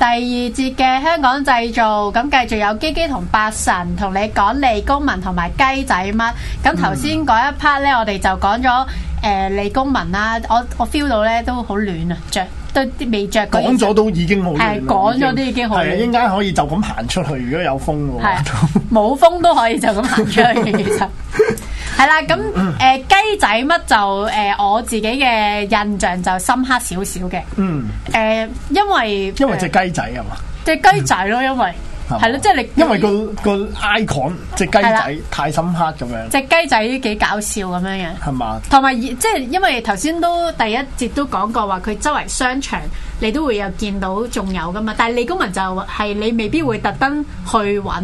第二節嘅香港製造，咁繼續有璣璣同八神同你講利工民同埋雞仔嘜。咁頭先嗰一 part 呢，我哋就講咗誒利工民啦，啊。我我 feel 到呢都好暖啊，著都未著。講咗都已經好。係講咗都已經好。係應該可以就咁行出去，如果有風喎。冇的 風都可以就咁行出去。其實。 係啦，咁誒雞仔嘜就誒我自己嘅印象就深刻少少嘅。嗯，誒因為因為隻雞仔係嘛？隻雞仔咯，因為係咯，即係你因為個個 icon 隻雞仔太深刻咁樣。隻雞仔幾搞笑咁樣嘅，係嘛？同埋即係因為頭先都第一節都講過話，佢周圍商場你都會有見到，仲有噶嘛？但係利工民就係你未必會特登去揾，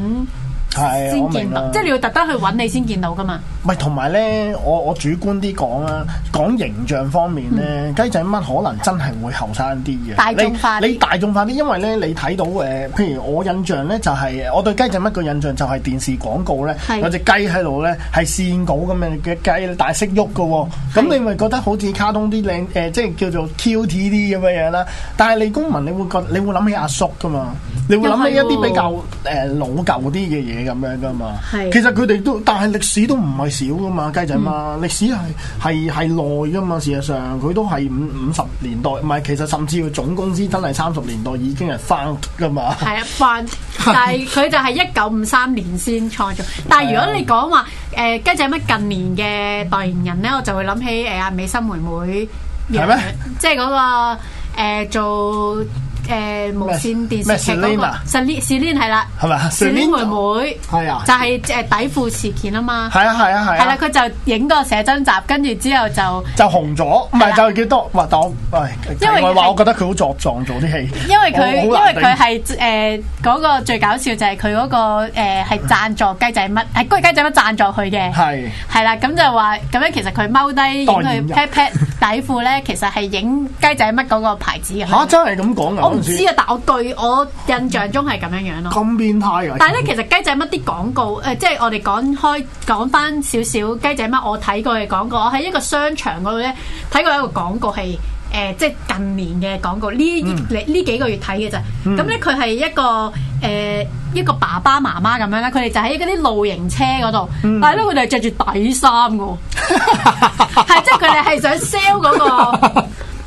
係，對先見到，即係你要特登去揾你先見到噶嘛。唔係，同埋咧，我我主觀啲講啊，講形象方面咧，嗯、雞仔嘜可能真係會後生啲嘅。大眾化你，你大眾化啲，因為咧你睇到誒、呃，譬如我印象咧就係、是，我對雞仔嘜個印象就係電視廣告咧，是有隻雞喺度咧，係線稿咁樣嘅雞，大識喐嘅喎。咁是你咪覺得好似卡通啲靚誒，即、呃、係、呃、叫做 Q T 啲咁嘅嘢啦。但係利工民你，你會覺你會諗起阿叔噶嘛？你會諗起一啲比較誒老舊啲嘅嘢咁樣噶嘛？是的 其實佢哋都，但係歷史都唔係少噶嘛，雞仔嘜，歷史係係係耐噶嘛。事實上佢都係五五十年代，唔係其實甚至佢總公司真係三十年代已經係翻噶嘛的。係啊 ，翻， 但係佢就係一九五三年先創作。但係如果你講話誒、呃、雞仔嘜近年嘅代言人咧，我就會諗起誒阿、呃、美心妹妹，咩？嗎即係嗰、那個、呃、做。誒無線電視嘅嗰個 Selina Selina 係啦，係咪啊？Selina 妹妹係啊，就係誒底褲事件啊嘛。係啊係啊係啊！係啦，佢就影個寫真集，跟住之後就就紅咗，唔係就叫多話當，唔係話我覺得佢好作狀做啲戲。因為佢因為佢係誒嗰個最搞笑就係佢嗰個誒係贊助雞仔乜係雞仔乜贊助佢嘅係係啦，咁就話咁樣其實佢踎低影佢，pat pat 底褲咧，其實係影雞仔乜嗰個牌子嘅嚇真係咁講唔知啊，但我據我印象中係咁樣樣咯。咁變態啊！但係咧，其實雞仔嘜啲廣告，誒，即係我哋講開講翻少少雞仔嘜，我睇過嘅廣告，我喺一個商場嗰度咧睇過一個廣告係誒，即係近年嘅廣告，呢呢呢幾個月睇嘅咋。咁咧佢係一個誒一個爸爸媽媽咁樣啦，佢哋就喺嗰啲露營車嗰度，但係咧佢哋係著住底衫㗎喎，係即係佢哋係想 sell 嗰個。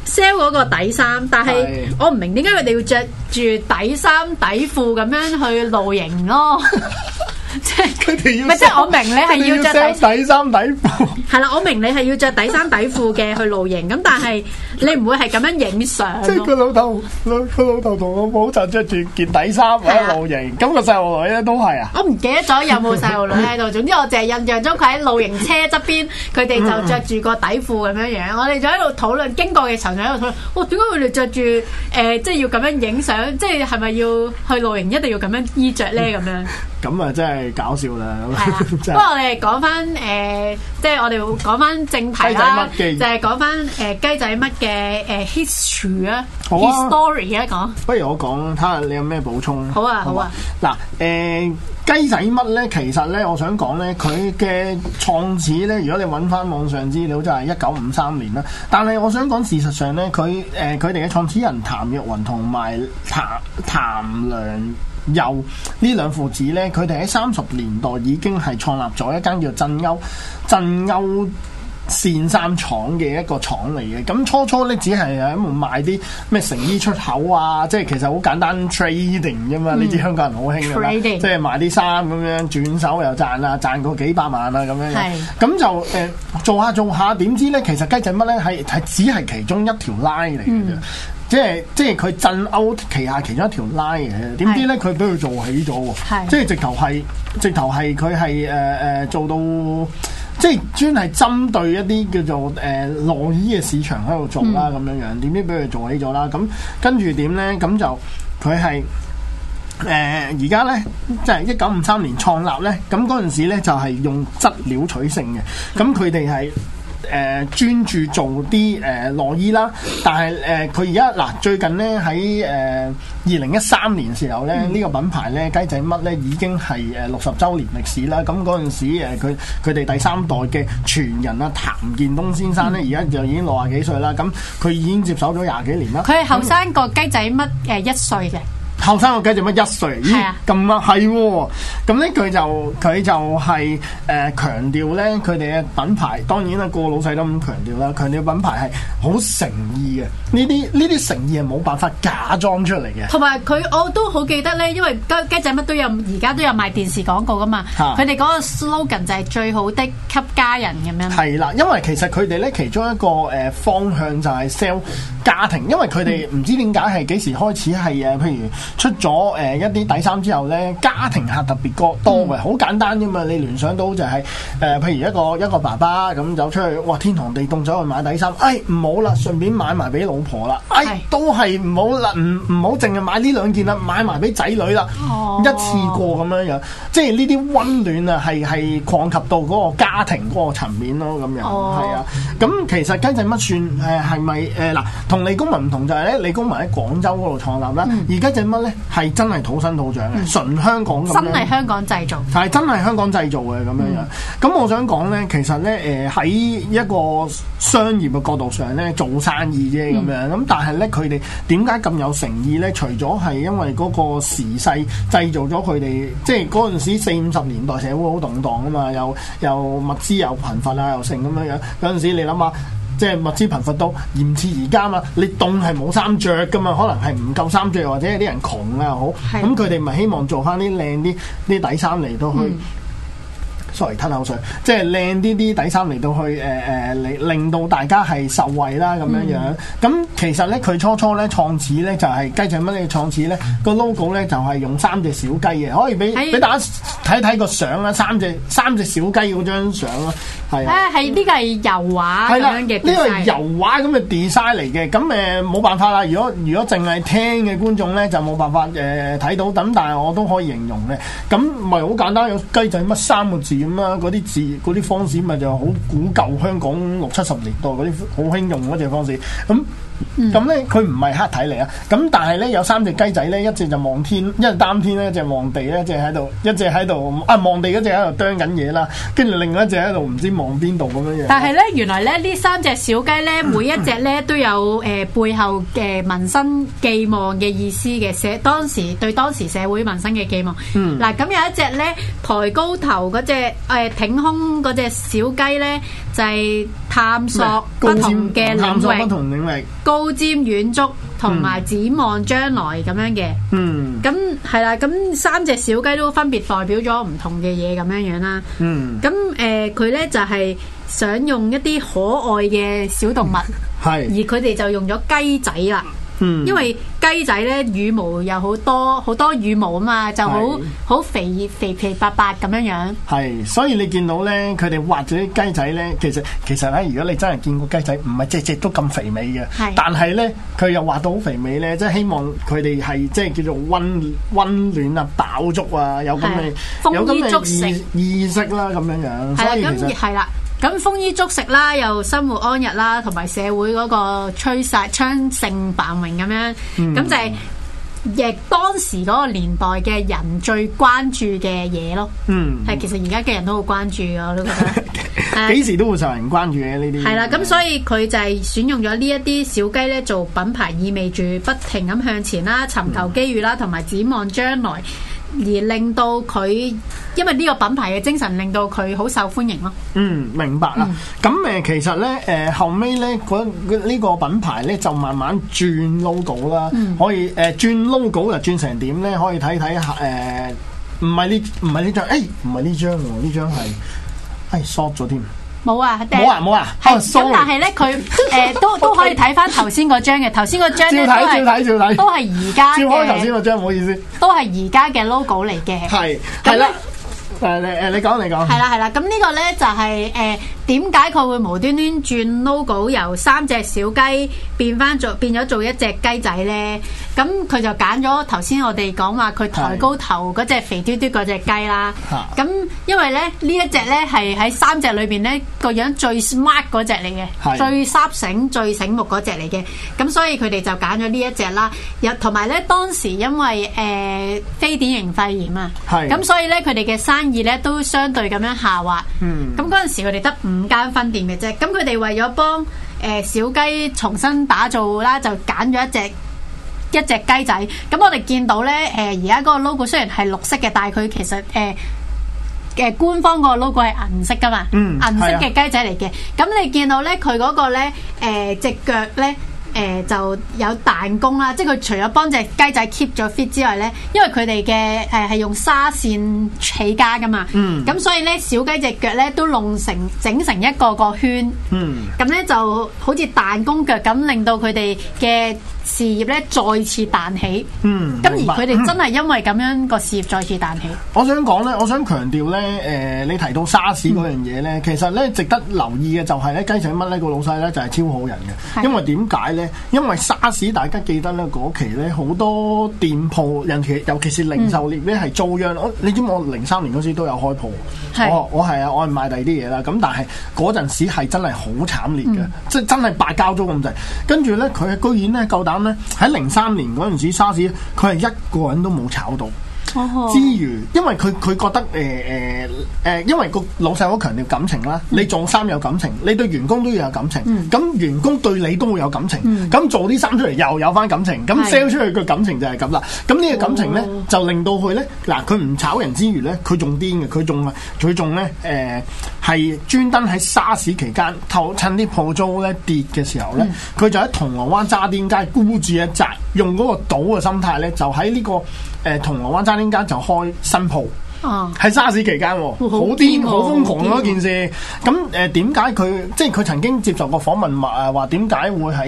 sell 嗰個底衫，但係我唔明點解佢哋要着住底衫底褲咁樣去露營咯，哦。 即係佢哋要，唔係即係我明你係要着底衫底褲。係啦，我明你係要着底衫底褲嘅去露營。咁但係你唔會係咁樣影相。即係佢老豆老老豆同個老母就着住件底衫喺露營。咁個細路女咧都係啊。我唔記得咗有冇細路女喺度。總之我淨係印象中佢喺露營車側邊，佢哋就着住個底褲咁樣樣。我哋就喺度討論經過嘅時候，就喺度討論：哇，點解佢哋着住誒？即係要咁樣影相，即係係咪要去露營一定要咁樣衣着咧？咁樣。咁啊，真係搞笑啦！不過我哋講翻誒，即係我哋講翻正題啦，就係講翻誒雞仔乜嘅誒 history 啊，history 啊，講不如我講，睇下你有咩補充？好啊，好吧，好啊。嗱誒，呃，雞仔乜咧，其實咧，我想講咧，佢嘅創始咧，如果你揾翻網上資料，就係一九五三年啦。但係我想講事實上咧，佢誒佢哋嘅創始人譚玉雲同埋譚譚良良。又呢兩父子呢，佢哋喺三十年代已經係創立咗一間叫振歐振歐線衫廠嘅一個廠嚟嘅。咁初初呢，只係喺度賣啲咩成衣出口啊，即係其實好簡單 trading 啫嘛。嗯、你知香港人好興噶即係，賣啲衫咁樣轉手又賺啊，賺過幾百萬啊咁樣。咁是就誒、呃、做下做下，點知呢？其實雞仔乜呢？係係只係其中一條 line 嚟嘅。即係即係佢鎮歐旗下其中一條 line 嘅，點知咧佢俾佢做起咗喎，是的 即係直頭係直頭係佢係誒誒做到，即係專係針對一啲叫做誒、呃、內衣嘅市場喺度做啦咁樣樣，點知俾佢做起咗啦，咁跟住點咧？咁就佢係誒而家咧，即係一九五三年創立咧，咁嗰陣時咧就係用質料取勝嘅，咁佢哋係。誒、呃、專注做啲誒、呃、內衣啦，但係誒佢而家嗱最近咧喺誒二零一三年時候咧，呢、嗯、個品牌咧雞仔嘜咧已經係誒六十週年歷史啦。咁嗰陣時誒佢佢哋第三代嘅傳人啊，譚建東先生咧而家就已經六十幾歲啦。咁佢已經接手咗廿幾年啦。佢係後生個雞仔嘜誒一歲嘅。後生個雞仔嘜一歲？咦、哎、咁啊係喎！咁咧佢就佢就係誒強調咧，佢哋嘅品牌當然啦，個個老細都咁強調啦，強調品牌係好誠意嘅。呢啲呢啲誠意係冇辦法假裝出嚟嘅。同埋佢我都好記得咧，因為雞仔嘜都有，而家都有賣電視廣告噶嘛。佢哋嗰個 slogan 就係、是、最好的給家人咁樣。係啦、啊，因為其實佢哋咧其中一個誒、呃、方向就係 sell 家庭，因為佢哋唔知點解係幾時開始係啊，譬如。出咗誒一啲底衫之後咧，家庭客特別多嘅，好、嗯、簡單啫嘛！你聯想到就係、是、誒、呃，譬如一個一個爸爸咁走出去，哇！天寒地凍走去買底衫，哎唔好啦，順便買埋俾老婆啦，哎是 都係唔好啦，唔唔好淨係買呢兩件啦，買埋俾仔女啦，哦、一次過咁樣樣，即係呢啲溫暖啊，係係擴及到嗰個家庭嗰個層面咯，咁樣係啊。咁、嗯嗯、其實雞仔嘜算誒係咪誒嗱？同利工民唔同就係咧，利工民喺廣州嗰度創立啦，而雞仔嘜？咧係真係土生土長嘅，純香港咁樣真係香港製造，但係真係香港製造嘅咁樣樣。咁、嗯、我想講呢，其實呢，誒、呃、喺一個商業嘅角度上呢，做生意啫咁樣。咁但係呢，佢哋點解咁有誠意呢？除咗係因為嗰個時勢製造咗佢哋，即係嗰陣時四五十年代社會好動盪啊嘛，又又物資又貧乏啊，又剩咁樣樣。嗰陣時你諗下。即係物資貧乏到，而唔似而家嘛。你凍係冇衫着噶嘛，可能係唔夠衫着，或者啲人窮啊。好，咁佢哋咪希望做翻啲靚啲啲底衫嚟到去。嗯 sorry 吞口水，即係靚啲啲底衫嚟到去，誒誒令令到大家係受惠啦咁樣樣，咁、嗯、其實咧，佢初初咧創始咧就係雞仔嘜嘢創始咧個 logo 咧就係、是、用三隻小雞嘅，可以俾俾是大家睇睇個相啦，三隻三隻小雞張相咯，係啊，係呢個係油畫，係啦呢個油畫咁樣嘅 design 嚟嘅。咁誒冇辦法啦，如果如果淨係聽嘅觀眾咧就冇辦法誒睇、呃、到，咁但係我都可以形容嘅。咁唔係好簡單，有雞仔嘜三個字。點啦？嗰啲字，嗰啲方字咪就好古舊。香港六七十年代嗰啲好興用嗰隻方字咁。嗯咁咧，佢唔係黑體嚟啊！咁但係咧，有三隻雞仔咧，一隻就望天，一擔天咧，一隻望地咧，一隻喺度，一隻喺度啊！望地嗰隻喺度啄緊嘢啦，跟住另外一隻喺度唔知望邊度咁樣樣。但係咧，原來咧呢三隻小雞咧，每一隻咧都有誒背後嘅民生寄望嘅意思嘅，寫當時對當時社會民生嘅寄望。嗯。嗱，咁有一隻咧抬高頭嗰隻誒挺胸嗰隻小雞咧，就係探索不同嘅領域。不同領域。高瞻遠矚，同埋展望將來咁樣嘅，咁係啦，咁三隻小雞都分別代表咗唔同嘅嘢咁樣樣啦。咁誒、嗯，佢咧、呃、就係、是、想用一啲可愛嘅小動物，係、嗯，而佢哋就用咗雞仔啦。嗯，因為雞仔咧羽毛又好多，好多羽毛啊嘛，就好好的肥肥肥白白咁樣樣。係，所以你見到咧，佢哋畫咗啲雞仔咧，其實其實咧，如果你真係見過雞仔，唔係隻隻都咁肥美嘅。是的 但係咧，佢又畫到好肥美咧，即係希望佢哋係即係叫做溫溫暖啊，飽足啊，有咁嘅的有咁嘅意意識啦，咁樣樣。所以，係啦。嗯咁豐衣足食啦，又生活安逸啦，同埋社會嗰個趨勢昌盛繁榮咁樣，咁、嗯、就係亦當時嗰個年代嘅人最關注嘅嘢咯。嗯，係其實而家嘅人都好關注嘅，我都覺得幾 時都會受人關注嘅呢啲。係啦，咁所以佢就係選用咗呢一啲小雞咧做品牌，意味住不停咁向前啦，尋求機遇啦，同埋展望將來。而令到佢，因為呢個品牌嘅精神令到佢好受歡迎咯。嗯，明白啦。咁誒，其實咧，誒、呃、後尾咧，呢、這個品牌咧就慢慢轉 logo 啦、嗯呃。可以誒，轉 logo 又轉成點咧？可以睇睇下誒，唔係呢，唔係呢張，誒唔係呢張喎，呢張係誒 short 咗添。哎冇啊！冇啦啊！冇啊！是哦，咁但係咧，佢誒、呃、都都可以睇翻頭先嗰張嘅，頭先睇嗰張都係都係而家，照睇頭先嗰張，唔好意思，都係而家嘅 logo 嚟嘅，係係啦，誒誒呢，你講你講，係啦係啦，咁呢個咧就係、是、誒。呃點解佢會無端端轉 logo 由三隻小雞變翻做變咗做一隻雞仔呢？咁佢就揀咗頭先我哋講話佢抬高頭嗰隻肥嘟嘟嗰隻雞啦。咁、啊、因為咧呢一隻呢係喺三隻裏邊呢個樣最 smart 嗰隻嚟嘅，是最聳醒最醒目嗰隻嚟嘅。咁所以佢哋就揀咗呢一隻啦。又有同埋呢，當時因為誒、呃、非典型肺炎啊，咁是所以呢，佢哋嘅生意呢都相對咁樣下滑。咁嗰陣時佢哋得五。嗯五間分店嘅啫，咁佢哋為咗幫誒小雞重新打造啦，就揀咗一隻一隻雞仔。咁我哋見到咧，誒而家嗰個 logo 雖然係綠色嘅，但係佢其實誒嘅、呃呃、官方個 logo 係銀色噶嘛，嗯、銀色嘅雞仔嚟嘅。咁的你見到咧，佢嗰個咧，誒隻腳咧。誒、呃、就有彈弓啦，即係佢除咗幫隻雞仔 keep 咗 fit 之外咧，因為佢哋嘅誒係用紗線起家噶嘛，咁、mm. 所以咧小雞隻腳咧都弄成整成一個個圈，咁咧、mm. 嗯、就好似彈弓腳咁，令到佢哋嘅事業咧再次彈起，嗯，咁而佢哋真係因為咁樣個事業再次彈起。我想講咧，我想強調咧，誒、呃，你提到沙士嗰樣嘢咧，嗯、其實咧值得留意嘅就係、是、咧，雞仔嘜呢個老細咧就係超好人嘅的，因為點解咧？因為沙士大家記得咧嗰期咧好多店鋪，尤其尤其是零售業咧係遭殃。我、嗯、你知我零三年嗰時都有開鋪的，我我係啊，我係賣第二啲嘢啦。咁但係嗰陣時係真係好慘烈嘅，即係、嗯、真係白交租咁滯。跟住咧，佢居然咧夠膽。喺零三年嗰陣時，沙士佢係一個人都冇炒到之餘，因為佢佢覺得誒誒誒，因為個老細好強調感情啦。嗯、你做衫有感情，你對員工都要有感情，咁、嗯、員工對你都會有感情，咁、嗯、做啲衫出嚟又有翻感情，咁、嗯、sell 出去嘅感情就係咁啦。咁呢的個感情呢，就令到佢呢。嗱，佢唔炒人之餘呢，佢仲癲嘅，佢仲佢仲呢。誒。係專登喺沙士期間，趁啲鋪租咧跌嘅時候咧，佢就喺銅鑼灣渣甸街孤注一擲，用嗰個賭嘅心態咧，就喺呢、這個誒銅鑼灣渣甸街就開新鋪。喺沙、啊、士期間、哦，好癲、哦哦哦、好瘋狂嗰、哦、件事。咁誒點解佢即係佢曾經接受過訪問話話點解會喺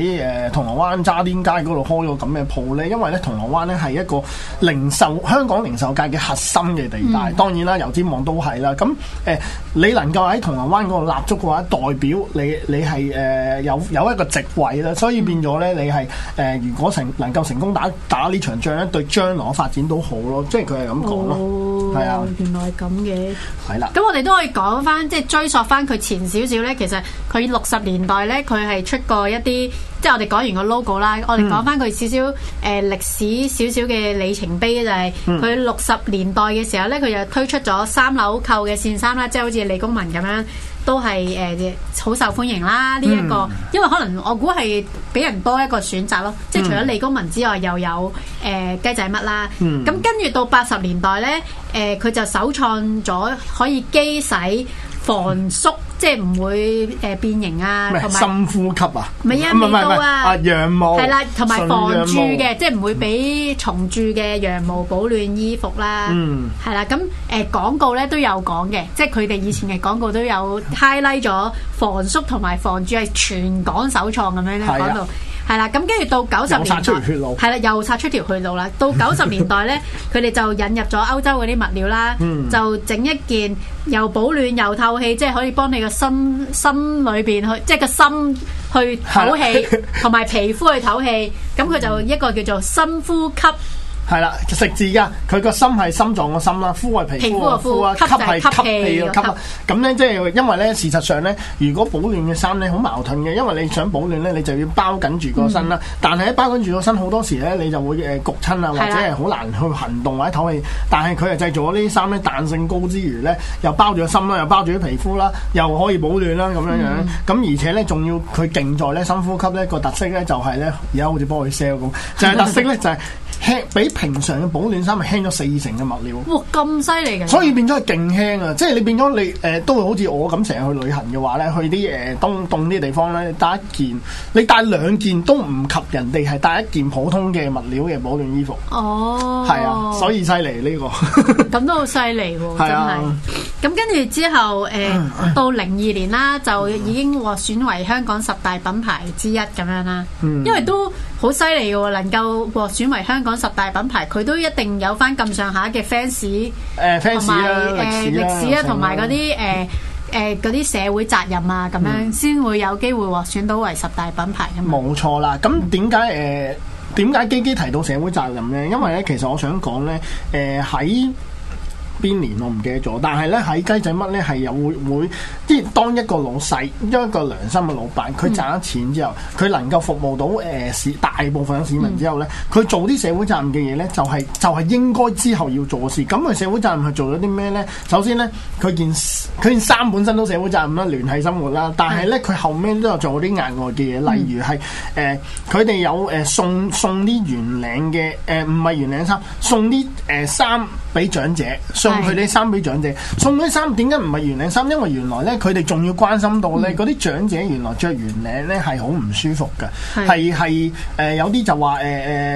誒銅鑼灣渣甸街嗰度開咗咁嘅鋪咧？因為咧銅鑼灣咧係一個零售，香港零售界嘅核心嘅地帶。嗯、當然啦，油尖旺都係啦。咁、嗯、誒，你能夠喺銅鑼灣嗰度立足嘅話，代表你你係誒有有一個席位啦。所以變咗咧，你係誒如果成能夠成功打打呢場仗咧，對將來嘅發展都好咯。即係佢係咁講咯，係啊。原來係咁嘅，係啦的。咁我哋都可以講翻，即係追溯翻佢前少少咧。其實佢六十年代咧，佢係出過一啲，即係我哋講完個 logo 啦。嗯、我哋講翻佢少少誒歷史少少嘅里程碑就係佢六十年代嘅時候咧，佢就推出咗三紐扣嘅線衫啦，即係好似利工民咁樣。都係誒好受歡迎啦！呢、嗯、一個，因為可能我估係畀人多一個選擇咯，即係除咗利工民之外，又有誒、呃、雞仔嘜啦。咁、嗯、跟住到八十年代呢，誒、呃、佢就首創咗可以機洗防縮、嗯。即係唔會誒變形啊，同埋深呼吸啊，唔係啊，唔係、嗯、啊，羊毛係啦，同埋、啊啊、防蛀嘅，陽即係唔會俾蟲蛀嘅羊毛保暖衣服啦。嗯、啊，係啦，咁、呃、誒廣告咧都有講嘅，即係佢哋以前嘅廣告都有 highlight 咗防縮同埋防蛀係全港首創咁樣咧講到。係啦，咁跟住到九十年代，係啦，又拆出條血路啦。到九十年代咧，佢哋 就引入咗歐洲嗰啲物料啦， 就整一件又保暖又透氣，即係可以幫你個心心裏邊去，即係個心去透氣，同埋 皮膚去透氣。咁佢就一個叫做深呼吸。係啦，食字噶，佢個心係心臟個心啦，膚係皮膚個膚啊，膚膚吸係吸氣個吸啊。咁咧吸，即係因為咧，事實上咧，如果保暖嘅衫咧，好矛盾嘅，因為你想保暖咧，你就要包緊住個身啦。嗯、但係喺包緊住個身好多時咧，你就會誒焗親啊，嗯、或者係好難去行動或者唞氣。但係佢係製造咗呢啲衫咧，彈性高之餘咧，又包住個心啦，又包住啲皮膚啦，又可以保暖啦，咁樣樣。咁、嗯、而且咧，仲要佢勁在咧，深呼吸咧個特色咧、就是，就係咧而家好似幫佢 sell 咁，就係特色咧就係、是。嗯，就是比平常嘅保暖衫係輕咗四成嘅物料，哇咁犀利嘅！所以變咗係勁輕啊！即係你變咗你誒、呃，都會好似我咁成日去旅行嘅話咧，去啲誒凍凍啲地方咧，帶一件，你帶兩件都唔及人哋係帶一件普通嘅物料嘅保暖衣服。哦，係啊，所以犀利呢個，咁都好犀利喎！真係，係啊，咁跟住之後誒，呃、唉到零二年啦，就已經獲選為香港十大品牌之一咁樣啦。因為都。嗯好犀利嘅喎，能夠獲選為香港十大品牌，佢都一定有翻咁上下嘅 fans，同埋誒歷史啊，同埋嗰啲誒誒啲社會責任啊，咁樣先會有機會獲選到為十大品牌。冇、嗯、錯啦，咁點解誒點解基基提到社會責任咧？因為咧，其實我想講咧，誒、呃、喺。邊年我唔記得咗，但係呢，喺雞仔乜呢？係有會會啲。即當一個老細，一個良心嘅老闆，佢賺咗錢之後，佢能夠服務到誒、呃、市大部分嘅市民之後呢，佢、嗯、做啲社會責任嘅嘢呢，就係就係應該之後要做事。咁佢社會責任係做咗啲咩呢？首先呢，佢件佢件衫本身都社會責任啦，聯繫生活啦。但係呢，佢後面都有做啲額外嘅嘢，嗯、例如係誒佢哋有誒送送啲圓領嘅誒唔係圓領衫，送啲誒衫俾長者。送佢啲衫俾長者。送啲衫點解唔係圓領衫？因為原來咧，佢哋仲要關心到咧，嗰啲長者原來着圓領咧係好唔舒服噶，係係誒有啲就話誒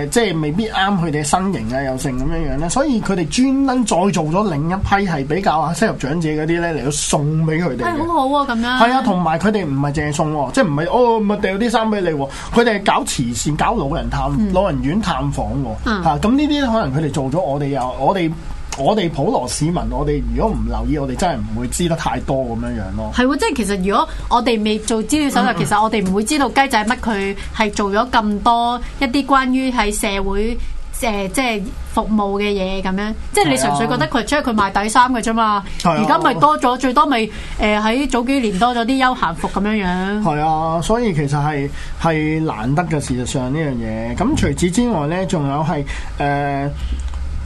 誒，即係未必啱佢哋身形啊，又剩咁樣樣咧。所以佢哋專登再做咗另一批係比較適合長者嗰啲咧嚟到送俾佢哋。好好啊，咁樣係啊，同埋佢哋唔係淨係送，即係唔係哦，咪掉啲衫俾你。佢哋係搞慈善，搞老人探、嗯、老人院探訪。嗯，吓咁呢啲可能佢哋做咗，我哋又我哋。我哋普羅市民，我哋如果唔留意，我哋真係唔會知得太多咁樣樣咯。係喎，即係其實如果我哋未做資料蒐集，其實我哋唔會知道雞仔嘜佢係做咗咁多一啲關於喺社會即係服務嘅嘢咁樣。即係你純粹覺得佢，出去，佢賣底衫嘅啫嘛。而家咪多咗，最多咪誒喺早幾年多咗啲休閒服咁樣樣。係啊，所以其實係係難得嘅，事實上呢樣嘢。咁除此之外咧，仲有係誒。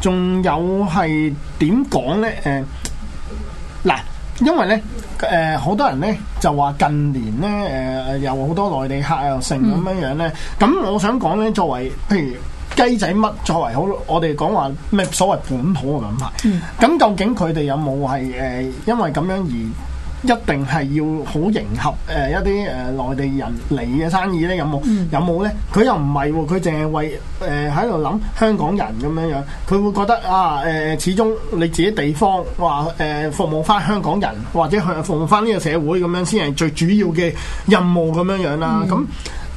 仲有係點講呢？誒、呃、嗱，因為呢，誒、呃、好多人呢就話近年呢，誒有好多內地客又成咁樣樣呢。咁、嗯、我想講呢，作為譬如雞仔嘜作為好，我哋講話咩所謂本土嘅品牌，咁、嗯、究竟佢哋有冇係誒因為咁樣而一定係要好迎合誒、呃、一啲誒、呃、內地人嚟嘅生意咧，有冇？有冇呢？佢又唔係喎，佢淨係為誒喺度諗香港人咁樣樣，佢會覺得啊誒、呃，始終你自己地方話誒、呃、服務翻香港人，或者服務翻呢個社會咁樣先係最主要嘅任務咁樣、嗯、樣啦，咁、嗯。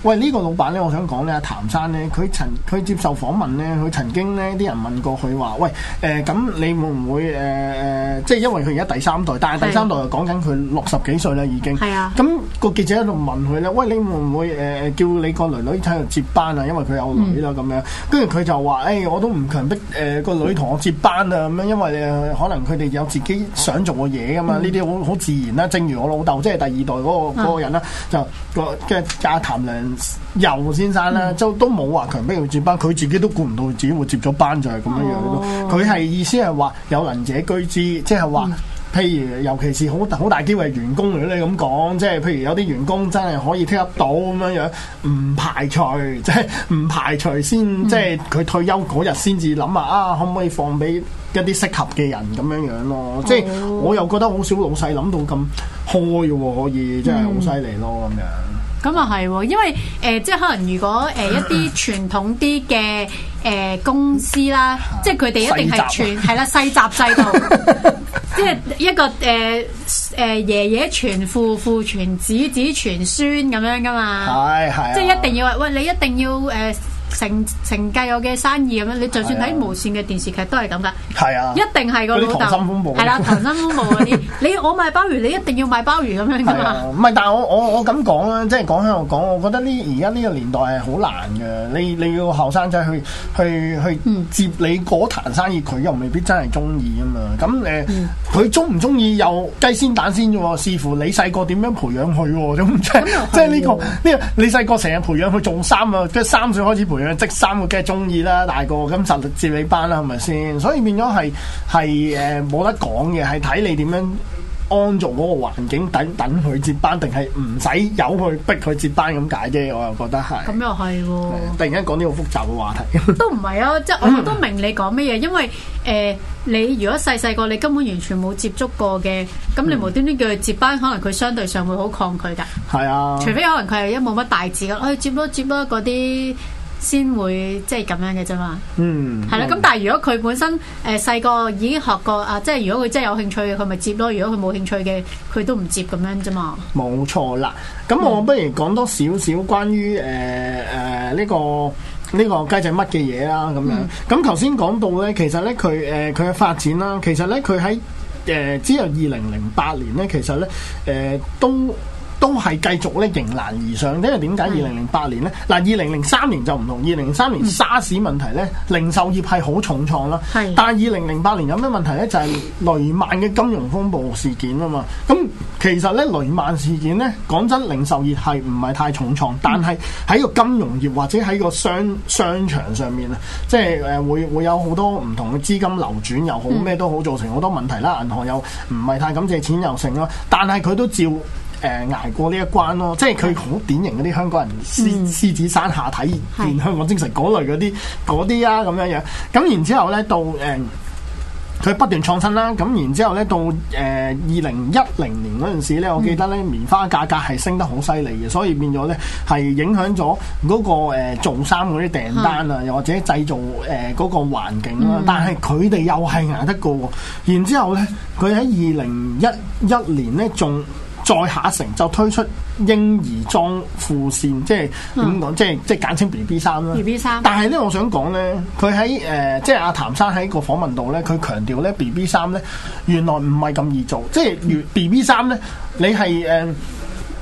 喂，呢、這個老闆咧，我想講咧，阿、啊、譚生咧，佢曾佢接受訪問咧，佢曾經咧啲人問過佢話：喂，誒、呃、咁你會唔會誒誒、呃，即係因為佢而家第三代，但係第三代又講緊佢六十幾歲啦已經。係是啊。咁個記者喺度問佢咧：喂，你會唔會誒、呃、叫你個女女喺度接班啊？因為佢有女啦咁樣。跟住佢就話：誒，我都唔強迫誒個女同我接班啊，咁樣，因為、呃、可能佢哋有自己想做嘅嘢噶嘛，呢啲好好自然啦。正如我老豆即係第二代嗰、那個那個人啦，就個即係阿譚良。尤先生咧，嗯、就都冇話強迫佢接班，佢自己都顧唔到自己會接咗班就係、是、咁樣樣咯。佢係、哦、意思係話有能者居之，即係話，譬如尤其是好好大機會員工嗰你咁講，即係譬如有啲員工真係可以 t 得到咁樣樣，唔排除，即係唔排除先，即係佢、嗯、退休嗰日先至諗下啊，可唔可以放俾一啲適合嘅人咁樣樣咯？哦、即係我又覺得好少老細諗到咁開可，可以，即係好犀利咯咁樣。嗯咁啊係喎，因為誒、呃、即係可能如果誒、呃、一啲傳統啲嘅誒公司啦，即係佢哋一定係傳係啦，世襲制度，西西 即係一個誒誒、呃、爺爺傳父父傳子子傳孫咁樣噶嘛，係係， 哎啊、即係一定要話喂、呃、你一定要誒。呃承承繼我嘅生意咁樣，你就算睇無線嘅電視劇都係咁噶，係啊，一定係個老豆。係啦，溏心風暴嗰啲， 你我賣鮑魚，你一定要賣鮑魚咁、啊、樣㗎啦。唔係、嗯，但係我我我咁講啦，即係講喺度講，我覺得呢而家呢個年代係好難嘅。你你要後生仔去去去，去接你嗰壇生意，佢又未必真係中意啊嘛。咁誒，佢中唔中意有雞先蛋先啫？視乎你細個點樣培養佢咁，即係即係呢個呢個。你細個成日培養佢仲三啊，即係三歲開始培。即衫，我梗係中意啦。大個咁實接你班啦，係咪先？所以變咗係係誒，冇得講嘅，係睇你點樣安做嗰個環境，等等佢接班，定係唔使有去逼佢接班咁解啫。我又覺得係咁，又係喎。突然間講啲好複雜嘅話題，都唔係啊。即係我都明你講乜嘢，因為誒，你如果細細個，你根本完全冇接觸過嘅，咁你無端端叫佢接班，可能佢相對上會好抗拒噶。係啊，除非可能佢係一冇乜大志嘅，去接咯接咯嗰啲。先會即係咁樣嘅啫嘛，嗯，係啦。咁但係如果佢本身誒細個已經學過啊，即係如果佢真係有興趣，佢咪接咯。如果佢冇興趣嘅，佢都唔接咁樣啫嘛。冇錯啦。咁我不如講多少少關於誒誒呢個呢、呢個雞仔乜嘅嘢啦咁樣。咁頭先講到咧，其實咧佢誒佢嘅發展啦、啊，其實咧佢喺誒只有二零零八年咧，其實咧誒、呃、都。都係繼續咧迎難而上，因為點解？二零零八年呢？嗱二零零三年就唔同，二零零三年沙士問題呢，零售業係好重創啦。但係二零零八年有咩問題呢？就係雷曼嘅金融風暴事件啊嘛。咁其實呢，雷曼事件呢，講真，零售業係唔係太重創，但係喺個金融業或者喺個商商場上面啊，即係誒會會有好多唔同嘅資金流轉又好咩都好，造成好多問題啦。銀行又唔係太敢借錢又成咯，但係佢都照。誒、呃、捱過呢一關咯，即係佢好典型嗰啲香港人獅、嗯、獅子山下體現香港精神嗰類嗰啲嗰啲啊，咁樣樣咁。然之後呢到誒佢、呃、不斷創新啦。咁然之後呢到誒二零一零年嗰陣時呢，嗯、我記得呢棉花價格係升得好犀利嘅，所以變咗呢係影響咗嗰個、呃、做衫嗰啲訂單啊，又、嗯、或者製造誒嗰、呃、嗰個環境啦。但係佢哋又係捱得過。然之後呢，佢喺二零一一年呢仲。還 再下城就推出嬰兒裝褲線，即係點講？即係即係簡稱 B B 衫啦。B B 衫。但係咧，我想講咧，佢喺誒，即係阿譚生喺個訪問度咧，佢強調咧，B B 衫咧原來唔係咁易做，即係如 B B 衫咧，你係誒。呃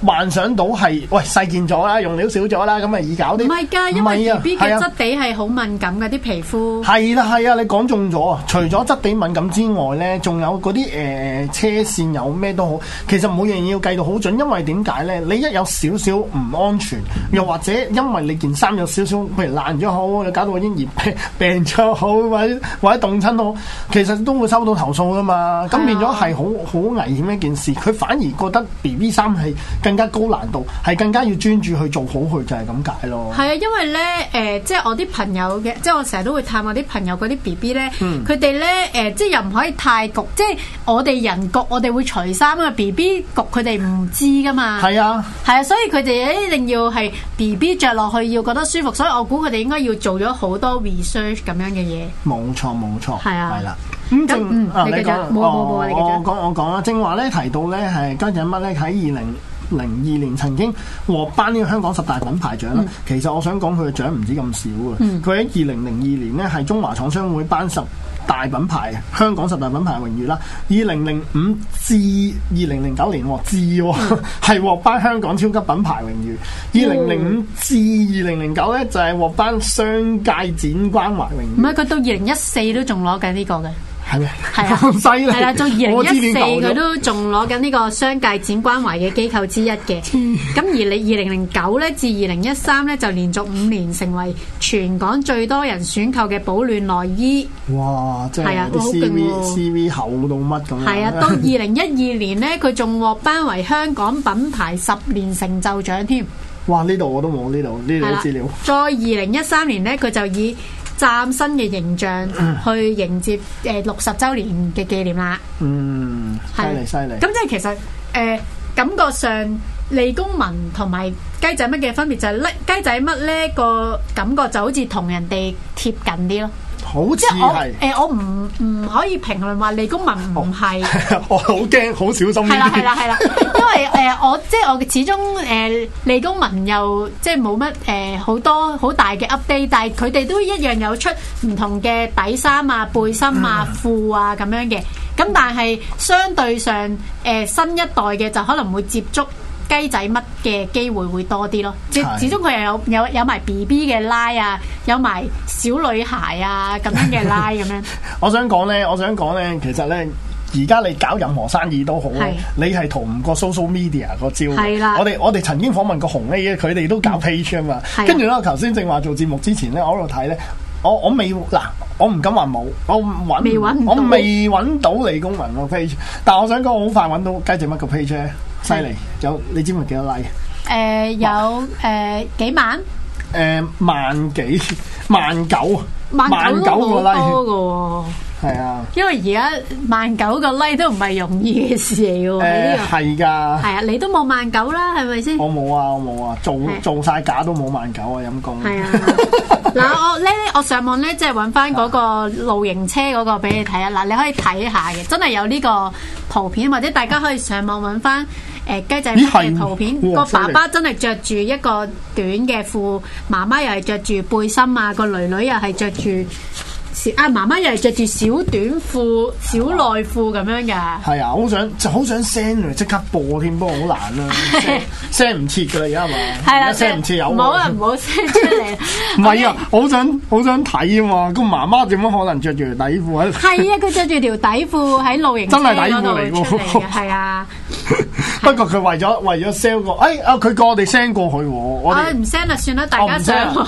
幻想到係喂細件咗啦，用料少咗啦，咁咪易搞啲。唔係㗎，因為 B B 嘅質地係好敏感嘅啲皮膚。係啦，係啊，你講中咗，除咗質地敏感之外咧，仲有嗰啲誒車線有咩都好。其實每樣嘢要計到好準，因為點解咧？你一有少少唔安全，又或者因為你件衫有少少譬如爛咗好，又搞到個嬰兒病咗好，或者或者凍親都好，其實都會收到投訴㗎嘛。咁的變咗係好好危險一件事。佢反而覺得 B B 衫係。更加高難度，係更加要專注去做好佢，就係咁解咯。係、嗯、啊，因為咧，誒、嗯，即係我啲朋友嘅，即係我成日都會探我啲朋友嗰啲 B B 咧，佢哋咧，誒、嗯，即係又唔可以太焗，即係我哋人焗，我哋會除衫啊，B B 焗佢哋唔知噶嘛。係啊，係啊，所以佢哋一定要係 B B 着落去要覺得舒服，所以我估佢哋應該要做咗好多 research 咁樣嘅嘢。冇錯，冇錯，係啊，係啦。咁正啊，你繼續。冇冇冇，你繼續。我講我講啊，正話咧提到咧係跟住乜咧喺二零。零二年曾經獲頒呢個香港十大品牌獎啦，嗯、其實我想講佢嘅獎唔止咁少嘅，佢喺二零零二年咧係中華廠商會頒十大品牌，香港十大品牌榮譽啦，二零零五至二零零九年獲、哦、至係、哦嗯、 獲頒香港超級品牌榮譽，二零零五至二零零九呢，就係、是、獲頒商界展關懷榮譽，唔係佢到二零一四都仲攞緊呢個嘅。係咩？係啊，係啦，再二零一四佢都仲攞緊呢個商界展關懷嘅機構之一嘅。咁而你二零零九咧至二零一三咧就連續五年成為全港最多人選購嘅保暖內衣。哇！真係啲 CV CV 厚到乜咁？係啊，到二零一二年咧，佢仲獲頒為香港品牌十年成就獎添。哇！呢度我都冇呢度呢啲資料。再二零一三年咧，佢就以嶄新嘅形象去迎接誒六十周年嘅紀念啦。嗯，犀利犀利。咁是害即係其實誒、呃、感覺上利工民同埋雞仔嘜嘅分別就係、是、咧雞仔嘜呢個感覺就好似同人哋貼近啲咯。好，即係我，誒、呃、我唔唔可以評論話利工民唔係。哦、 我好驚，好小心。係啦，係啦，係啦。因為誒、呃、我即係我始終誒利、呃、工民又即係冇乜誒好多好大嘅 update，但係佢哋都一樣有出唔同嘅底衫啊、背心啊、嗯、褲啊咁樣嘅。咁但係相對上誒、呃、新一代嘅就可能會接觸。雞仔乜嘅機會會多啲咯，即始終佢又有有有埋 B B 嘅拉 i 啊，有埋小女孩啊咁樣嘅拉。咁樣。我想講咧，我想講咧，其實咧，而家你搞任何生意都好是的 你係逃唔過 social media 個招係啦是的，我哋我哋曾經訪問過紅 A 嘅，佢哋都搞 page 啊嘛。是的 跟住咧，我頭先正話做節目之前咧，我喺度睇咧，我我未嗱，我唔敢話冇，我搵未搵，我未搵到，到利工民個 page。但係我想講，我好快搵到雞仔乜個 page。犀利，嗯、有你知唔知幾多 like？誒、嗯，有誒、呃有呃、幾萬？誒、呃，萬幾萬九啊，萬九,萬九,萬九個拉、like、嘅。 係啊，因為而家萬九個 like 都唔係容易嘅事嚟嘅喎，呢個係噶，係啊，呃、你都冇萬九啦，係咪先？我冇啊，我冇啊，做的做晒假都冇萬九啊，陰功。係啊的，嗱， 我咧，我上網咧，即係搵翻嗰個露營車嗰個俾你睇啊，嗱，你可以睇下嘅，真係有呢個圖片，或者大家可以上網搵翻誒雞仔嘜嘅圖片，個爸爸真係着住一個短嘅褲，媽媽又係着住背心啊，個女女又係着住。啊！媽媽又係着住小短褲、小內褲咁樣㗎。係啊，好想就好想 send 嚟即刻播添，不過好難啊，send 唔切㗎啦，而家係嘛？係啊，send 唔切有唔好啊？唔好 send 出嚟。唔係啊，好想好想睇啊嘛！咁媽媽點樣可能着住條底褲喺係啊？佢着住條底褲喺露營嗰度出嚟啊！係啊。不過佢為咗為咗 sell 個，哎啊！佢過我哋 send 過去喎。啊，唔 send 啦，算啦，大家上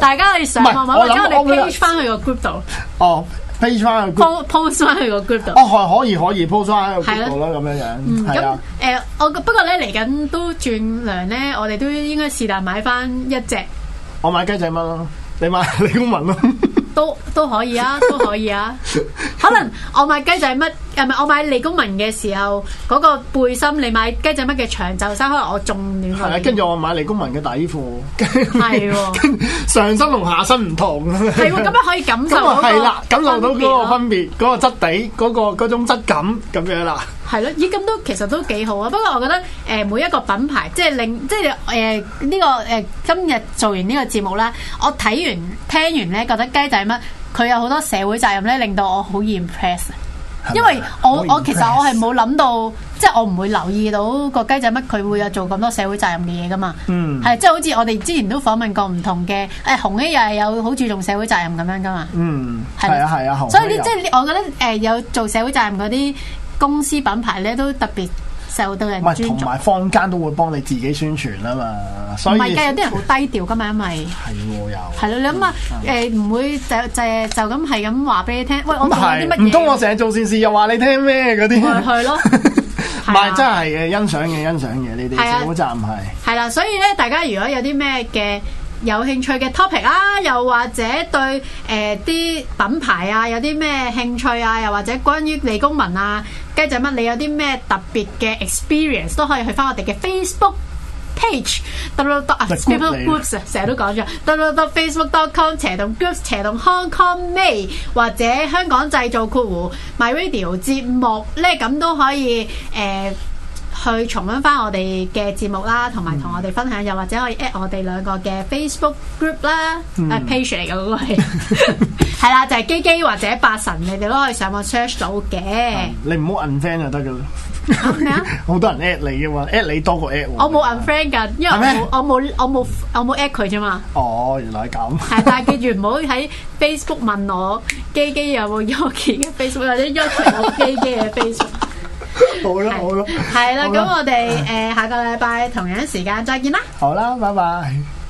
大家去上網，或者我哋翻去個 group 度。哦、oh，post 翻去 group，post 翻去個 group 度，哦可可以可以 post 翻喺個 group 度啦。咁樣樣。咁 誒，我不過咧嚟緊都轉糧咧，我哋都應該是但買翻一隻。我買雞仔嘜咯，你買利工民咯。啊，都都可以啊，都可以啊。可能我買雞仔嘜？誒，係咪？我買利工民嘅時候，嗰、那個背心你買雞仔嘜嘅長袖衫，可能我仲暖。係啊，跟住我買利工民嘅底褲。係喎的， 上身同下身唔同。係喎的，咁 樣可以感受係啦，感受到嗰個分別，嗰、啊、個質地，嗰、那個嗰種質感，咁樣啦。係咯，咦，咁都其實都幾好啊。不過我覺得，誒，每一個品牌，即係令，即係誒呢個誒、呃、今日做完呢個節目咧，我睇完、聽完咧，覺得雞仔嘜佢有好多社會責任咧，令到我好 impress。因為我我其實我係冇諗到，即係我唔會留意到個雞仔嘜佢會有做咁多社會責任嘅嘢噶嘛。嗯，係即係好似我哋之前都訪問過唔同嘅，誒紅 A 又係有好注重社會責任咁樣噶嘛。嗯，係啊係啊，嗯，所以即係我覺得誒有做社會責任嗰啲公司品牌咧都特別受到人唔係同埋坊間都會幫你自己宣傳啊嘛，所以唔係㗎，有啲人好低調噶嘛，因為係又係咯，你諗下，誒、欸、唔會就就就咁係咁話俾你聽。喂，我做啲乜唔通我成日做善事又話你聽咩嗰啲？係咯，唔係 真係嘅，欣賞嘅，欣賞嘅，的你哋好站係係啦。所以咧，大家如果有啲咩嘅，有興趣嘅 topic 啊，又或者對誒啲、呃、品牌啊有啲咩興趣啊，又或者關於利工民啊雞仔嘜，你有啲咩特別嘅 experience 都可以去翻我哋嘅 Facebook page，啊、呃呃呃、，Facebook groups 成日都講咗、呃呃、，Facebook dot com 斜洞 groups 斜洞 Hong Kong May 或者香港製造括弧 My Radio 節目呢，咁都可以誒。呃去重温翻我哋嘅節目啦，同埋同我哋分享，又或者可以 at 我哋兩個嘅 Facebook group 啦，誒 page 嚟嘅嗰個係，係啦，就係璣璣或者八神，你哋都可以上網 search 到嘅。你唔好 unfriend 就得㗎啦。好多人 at 你嘅喎，at 你多過 at 我。我冇 unfriend 㗎，因為我冇我冇我冇我冇 at 佢啫嘛。哦，原來係咁。係，但係記住唔好喺 Facebook 問我璣璣有冇 Yuki 嘅 Facebook，或者 Yuki 有璣璣嘅 Facebook。 好啦，好啦，係啦，咁我哋誒 下個禮拜同樣時間再見啦。好啦，拜拜。